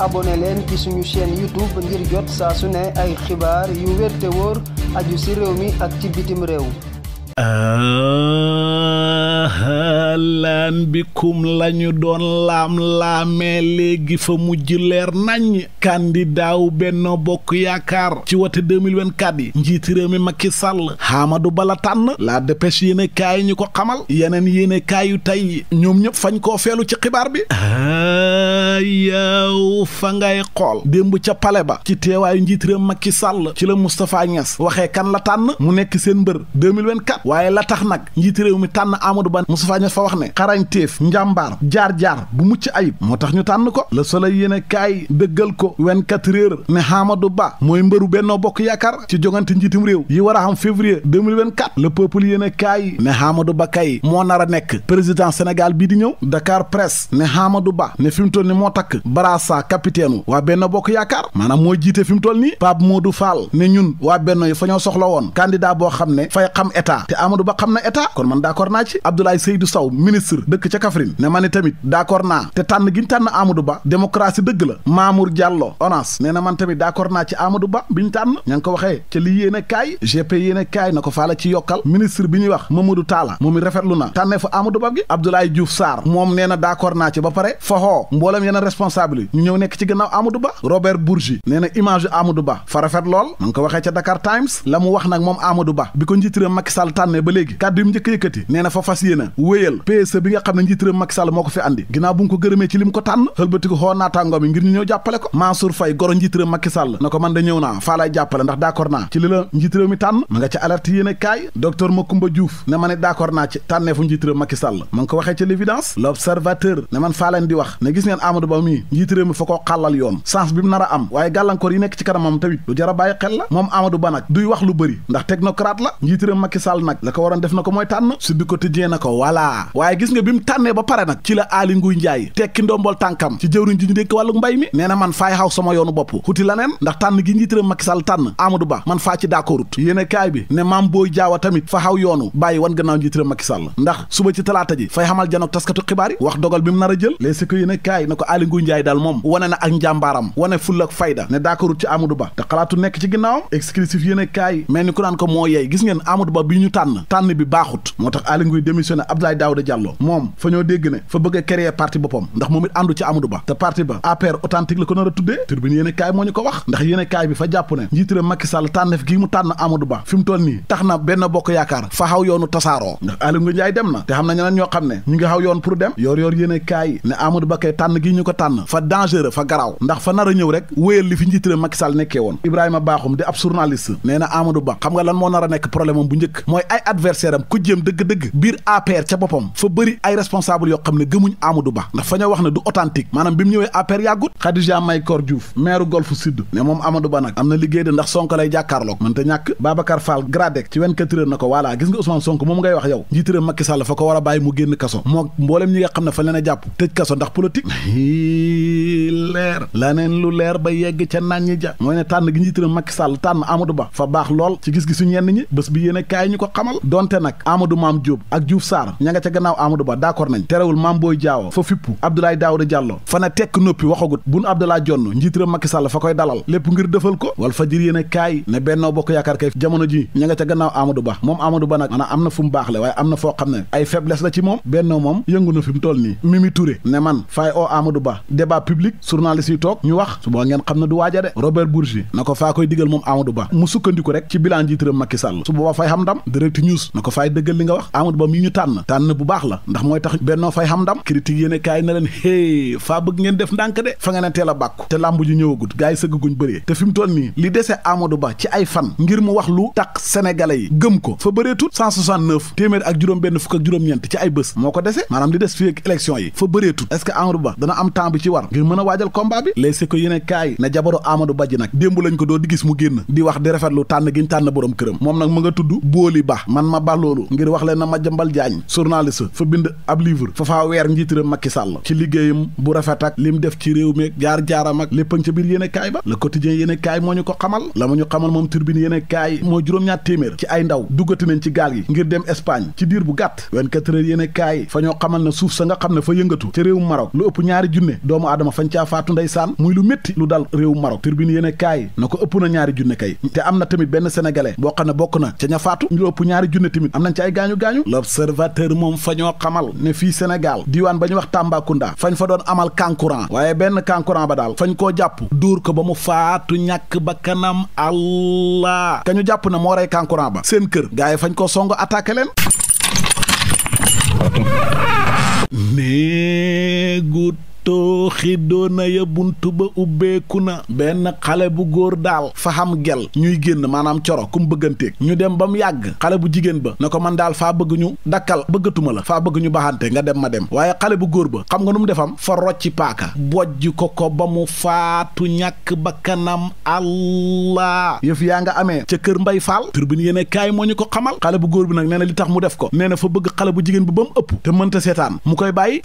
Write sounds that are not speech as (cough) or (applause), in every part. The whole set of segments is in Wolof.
abonné leen ci suñu chaîne YouTube ngir jot saa su ne ay xibaar yu wér te wóor aju ci réew mi ak ci bitim réew. lan bikum lañu doon laam-laamee léegi fa mujj leer nañ candidat wu Benno Bokk Yaakaar ci wote 2024 yi njiiti réew mi Macky Sall Amadou Ba la tànn la dépêche yéene kaay ñu ko xamal yeneen yéene kaay yu tey ñoom ñëpp fañ koo feelu ci xibaar bi yow fa ngay xool démb ca pale ba ci teewaayu njiit réew Macky ci la Moustapha Niass waxee kan la tànn mu nekk seen mbër 2024 waaye la tax nag njiit réew mi tànn Amadou Ba Moustapha Niass fa wax ne xarañteef njàmbaar jaar-jaar bu mucc ayib moo tax ñu tànn ko la Soleil yéen a kaay dëggal ko 24 heures ne Amadou Ba mooy mbëru Benno Bokk Yaakaar ci jongante njiitum réew yi war a am février 2024 Le Peuple yéen ne Amadou Ba kay moo nar a nekk président Sénégal bii moo takk barasa capitaine waa benn bokk yaakaar maanaam moo jiite fi mu toll nii Pape Modou Fall ne ñun waa benn fa ñoo soxla woon candidat boo xam ne fay xam état te Amadou Ba xam na état kon man d'accord naa ci Abdoulaye Seydou Sow ministre dëkk ca Kaffrine ne ma ne tamit d'accord naa te tànn gi ñu tànn Amadou Ba démocratie dëgg la Mamour Diallo ONAS nee na man tamit d'accord naa ci Amadou Ba bi ñu tànn ña ngi ko waxee ca li yéene kaay GP yéene kaay na ko yokkal ministre bi ñuy wax Mamadou Talla moom i rafetlu na tànnee fa Amadou Ba gi Abdoulaye Diouf Sarr moom nee naa ci ba na responsable yi ñëw nekk ci gannaaw Amadou Ba Robert Bourgi nee na image Amadou Ba fa lool mu ngi ko waxee ca Dakar Times la mu wax nag moom Amadou Ba bi ko njiitiram Macky Sall tànnee ba léegi kàddu yi mu njëkk yëkkati nee na fa fas yéene wéyal PSE bi nga xam ne njiitiram Macky Sall moo ko fi andi ginnaaw bu mu ko gërëmee ci li mu ko tànn xëlbatiko xoo naataangoom yi ngir ñëw jàppale ko Mansour Faye goro njiitiram Macky Sall na ko man da Amadou Ba mii njiiti réew mi fa koo xàllal yoon sens bi mu nar a am waaye gàllankoor yi nekk ci kanamam tamit lu jar a xel la moom Amadou Ba nag duy wax lu bëri ndax technocrate la njiiti réew Macky Sall nag la ko waroon def na ko mooy tànn su di quotidien na ko voilà waaye gis nga bi mu tànnee ba pare nag ci la Aly Ngouille Ndiaye tekki ndombol tànkam ci jëwriñ ji ñu tànn gi Ba man faa ci d'accordut yéene kaay bi ne maam booy jaawa tamit fa xaw yoonu bàyyi wan gannaaw njiiti réew a Aly Ngouille Ndiaye moom wane na ak njàmbaaram wane ful fayda ne d'accordul ci Amadou Ba te xalaatu nekk ci ginnaawam exclusif yéen kaay mel ku naan ko moo yey gis ngeen Amadou Ba bi ñu tànn tànn bi baaxut moo tax Aly Ngouille démissionné Abdoulaye Daouda Diallo moom fa ñoo dégg ne fa bëgg a parti boppam ndax moom it àndu ci Amadou Ba te parti ba APR authentique la ko nar a tuddee turbine yéen kaay moo ñu ko wax ndax yéen kaay bi fa jàpp ne njiitëra Macky ñu fa dangereux fa garaaw ndax fa nar a ñëw rek wéyal li fi njiit réew Macky nekkee woon Ibrahima Bakhoum di ab journaliste nee na Ba xam nga lan moo nar a nekk problème bu njëkk mooy ay adversaire am dëgg-dëgg biir APR ca boppam fa bëri ay responsable yoo xam ne gëmuñ Amadou Ba ndax fa ñoo wax ne du authentique maanaam bi mu ñëwee APR yàggut Khadija Mahécor Diouf maire Golf Sud ne moom Amadou Ba nag am na liggéey de ndax Sonko lay (laughs) leer laneen lu leer ba yegg ca naññ ja mooy ne tànn gi njiitaram Macky Sall tànn Amadou Ba fa baax lool ci gis-gisu ñenn ñi bés bi yéen a kaay ñu ko xamal donte nag Amadou Mame Diop ak Diouf Sarr ña nga ca gannaaw Amadou Ba d'accord nañ terewul Mame Boye Diao fa fippu Abdoulaye Daouda Diallo fa na tekk noppi waxagut bun Abdoulaye Dione njiitaram Macky Sall fa koy dalal lépp ngir defal ko wal fa jir yéen a kaay ne Benno Bokk Yaakaar kay jamono ji ña nga ca gannaaw Amadou Ba moom Ba nag maanaam am na fu mu baax le waaye am na foo xam moom Benno moom yëngu na nii Amadou Ba débat public journaliste yi toog ñu wax su ngeen xam ne du waaja de Robert Bourgi na ko faa koy digal moom Amadou Ba mu sukkandiku rek ci bilan njiitëram Macky Sall su boobaa fay xam ndam direct news na ko faay dëggal li nga wax Amadou Ba mi ñu tànn tànn bu baax la ndax mooy tax bennoo fay xam ndam critique yéene kaay na leen hé faa bëgg ngeen def ndànk de fa nga ne teel bàkku te làmb ñëwagut gars yi sëgguñ bëree te fi mu nii li dese Amadou lu tax sénégalais yi gëm ko fa bëreetut am temps bi ci war ngir mën a waajal combat bi les si ko yéene kaay ne jabaru Amadou Badji nag démb lañ ko doo di gis mu génn di wax di rafetlu tànn giñ tànn borom këram moom nag mu nga tudd Booli Ba man ma ba kaay moo ñu ko xamal la mu ñu xamal moom turbine yéene kaay moo juróom-ñaar téeméer ci ay ndaw duggati ci gaal gi ngir dem Espagne ci diir bu gàtt 24 heures yéene kaay fa ñoo xamal ne suuf sa nga xam ne fa yëngatu ca réew Maroc lu ëpp ñaari junne doomu aadama fañ caa faatu ndeysaan muy lu métti lu dal réew Maroc turbine yéen kaay na ko ëpp na ñaari junne kay te am na tamit benn sénégalais boo xam ne bokk na ca ña faatu ñu ëpp ñaari junne tamit am nañ ci ay gaañu-gaañu l'observateur moom fañoo ñoo xamal ne fii Sénégal diiwaan ba ñu wax Tambacounda fañ fa doon amal kankuran waaye benn kankuran ba daal fañ koo jàpp dóor ko ba mu faatu ñàkk ba kanam allah ka ñu jàpp na moo rey kankuran ba seen kër gars yi fañ koo song attaqué leen tooxi doona ya bunt ba ubbeeku na benn xale bu góor daal fa xam gel ñuy génn maanaam coro kum bëgganteeg ñu dem ba mu yàgg xale bu jigéen ba ne ko man daal fa bëgg ñu dakkal bëggatuma la faa bëgg ñu baxante nga dem ma dem waaye xale bu góor ba xam nga nu mu defam fa rocci paaka bojj ko ko ba mu faatu ñàkk bakkanam allah yëf yaa nga amee ca kër mbay faal turbine yéene kaay moo ñu ko xamal xale bu góor bi nag nee na li tax mu def ko nee na fa bëgg xale bu jigéen bi ba ëpp te mënta seetaan mu koy bàyyi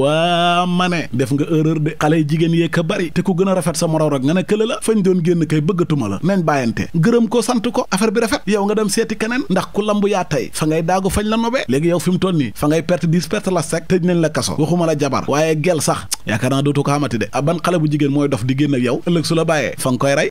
waa ma ne def nga erreur de xale yi jigéen yee ka bari te ku gën a rafet sa moroom rek nga ne këla la fañ doon génn kay bëggatuma la nañ bàyyante gërëm ko sant ko affaire bi rafet yow nga dem seeti keneen ndax ku lamb yaa tey fa ngay daagu fañ la nobee léegi yow fi mu toll nii fa ngay perte dix perte la sec tëj nañ la kaso waxuma la jabar waaye gel sax yaakaar naa dootu ko xamati de a ah, ban xale bu jigéen mooy dof di génn ak yow ëllëg su la bàyyee fa nga koy rey